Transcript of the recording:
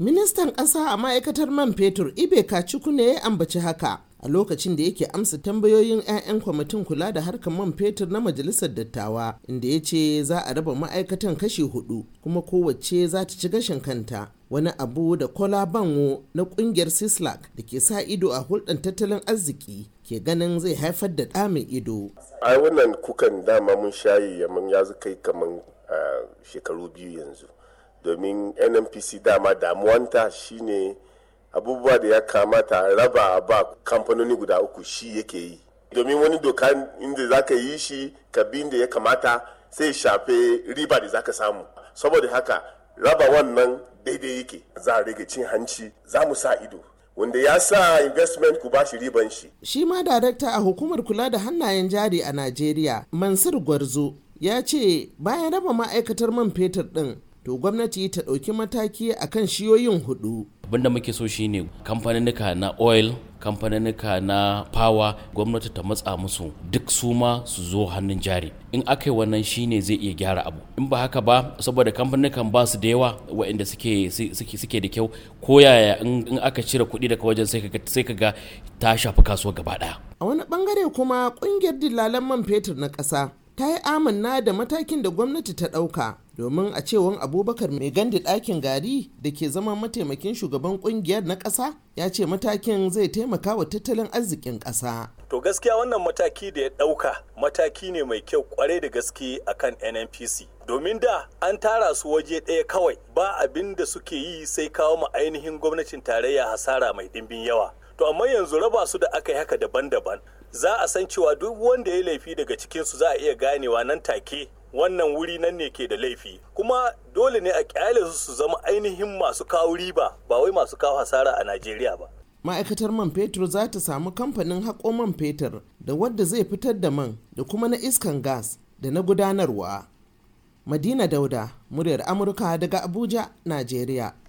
ministan ƙasa a ma'aikatar man fetur ibe kacuku ne ya ambaci haka a lokacin da yake amsa tambayoyin 'ya'yan kwamitin kula da harkar man fetur na majalisar dattawa inda ya ce za a raba ma'aikatan kashe hudu kuma kowace za ta ci gashin kanta wani abu da kola banwo na kungiyar sislak da ke sa ido a hulɗar tattalin arziki ke ganin zai haifar da ɗa ido a wannan kukan dama mun shayi mun ya kai kamar ah, shekaru biyu yanzu domin nnpc dama damuwanta shine abubuwa da ya kamata raba ba kamfanoni guda uku shi yake yi domin wani doka inda za ka yi shi ka bi da ya kamata sai shafe riba da za ka samu saboda haka raba wannan daidai yake za a rage cin hanci za mu sa ido wanda ya sa investment ku bashi riban shi. Shi ma darakta a hukumar kula da hannayen jari a Najeriya, Mansur Gwarzo, ya ce bayan raba ma'aikatar man fetur din. to gwamnati ta ɗauki mataki a kan shiyoyin hudu. abinda muke so shine kamfaninnika na oil kamfaninnika na power gwamnati ta matsa musu duk su ma su zo hannun jari in aka yi wannan shine zai iya gyara abu in ba haka ba saboda kamfaninnikan ba su da yawa waɗanda suke da kyau ko yaya in aka cire kuɗi daga wajen sai ka ga ta shafi kasuwa gaba ɗaya a wani bangare kuma ƙungiyar dillalan man fetur na ƙasa ta yi amanna da matakin da gwamnati ta ɗauka domin a cewan abubakar mai gandi ɗakin gari da ke zama mataimakin shugaban ƙungiyar na ƙasa ya ce matakin zai taimaka wa tattalin arzikin ƙasa. to gaskiya wannan mataki da ya ɗauka mataki ne mai kyau kwarai da gaske akan nnpc domin da an tara su waje ɗaya kawai ba abin da suke yi sai kawo ma ainihin gwamnatin tarayya hasara mai ɗimbin yawa to amma yanzu raba su da aka yi haka daban-daban za a san cewa duk wanda ya laifi daga cikinsu za a iya ganewa nan take wannan wuri nan ne ke da laifi kuma dole ne a kyale su su zama ainihin masu kawo riba ba wai masu kawo hasara a najeriya ba ma'aikatar man fetur za ta samu kamfanin haƙo man fetur da wadda zai fitar da man da kuma na iskan gas da na gudanarwa madina dauda muryar amurka daga abuja najeriya